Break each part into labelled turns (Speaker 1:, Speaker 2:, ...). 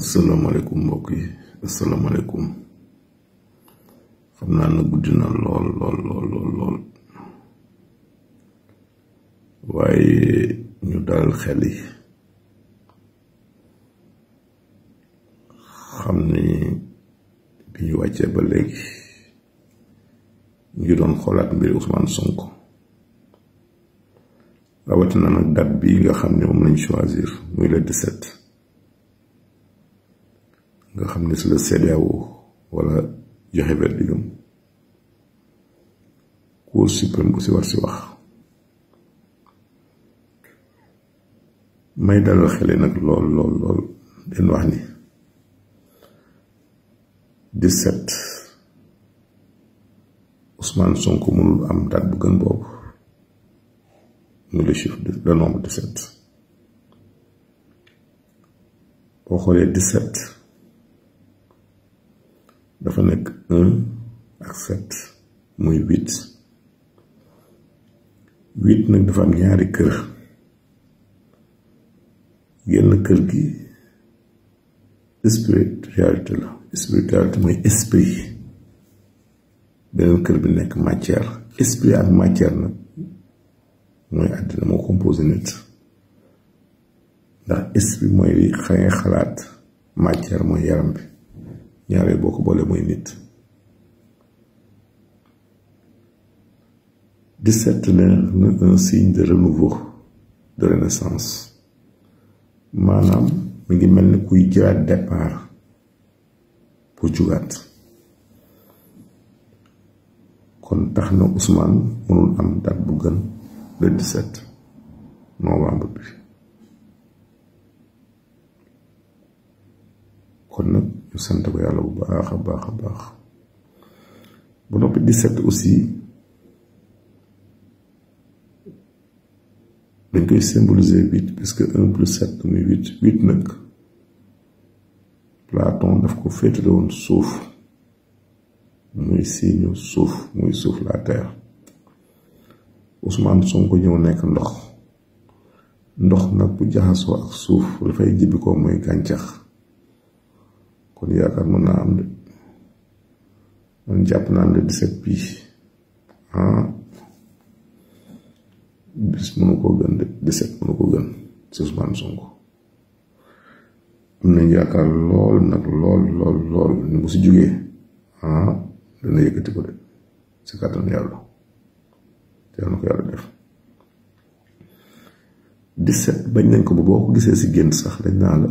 Speaker 1: asalaamaaleykum mbokk yi asalaamaaleykum xam naa na guddi na lool lool lool lool waaye ñu dal xel yi xam ni bi ñu wàccee ba léegi ñu ngi doon xoolaat mbiri Ousmane Sonko rawatina nag date bi nga xam ne moom lañu choisir muy le 17. nga xam ne si la CEDEAO wala joxe verdigam Cour suprême bu si war si wax may dalal xele nag lool lool lool wax ni 17 Ousmane Sonko mënul am date bu gën boobu ñu le chiffre le nombre 17 boo xoolee 17 dafa nekk un ak sept muy huit huit nag dafa am ñaari kër génn kër gi spiritualité la spiritualité mooy esprit beneen kër bi nekk matière esprit ak matière nag mooy àddina moo composé nit ndax esprit mooy li xalaat matière mooy yaram bi y avait beaucoup boole mooy nit 17 est un signe de renouveau de renaissance maanaam mi ngi mel ni kuy départ pour jugaat kon tax na Ousmane mënul am date bu gën le 17 novembre ñu sant ko yàlla bu baax 17 aussi dañ koy symboliser 8 parce que 1 plus 7 8 8 nag Platon daf ko féetale woon suuf muy signe suuf muy la terre Ousmane ko ñëw nekk ndox ndox nag bu jaxasoo ak suuf dafay jibbi kon yaakaar mën naa am de man jàpp naa am de dix-sept ah. bis mënu ko gën de dix-sept mënu gën si Ousmane Sonko am nañ yaakaar lool nag lool lool lool ni si jógee ah, dana yëkkati ko de si kàttan yàlla te yàlla na ko yàlla def dix bañ nañ ko ba boo ko gisee si génn sax dañ naa la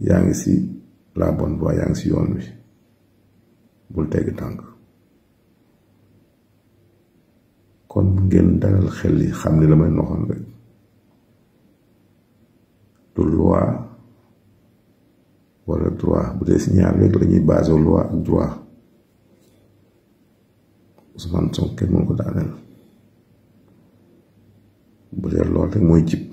Speaker 1: yaa si la bonne voie yaa si yoon wi bul tegg tànk kon ngeen dalal xel yi xam ni la may noxoon rek du loi wala droit bu dee si ñaar rek la ñuy basé loi ak droit Ousmane Sonko kenn mënu ko daaneel bu dee loolu rek mooy jib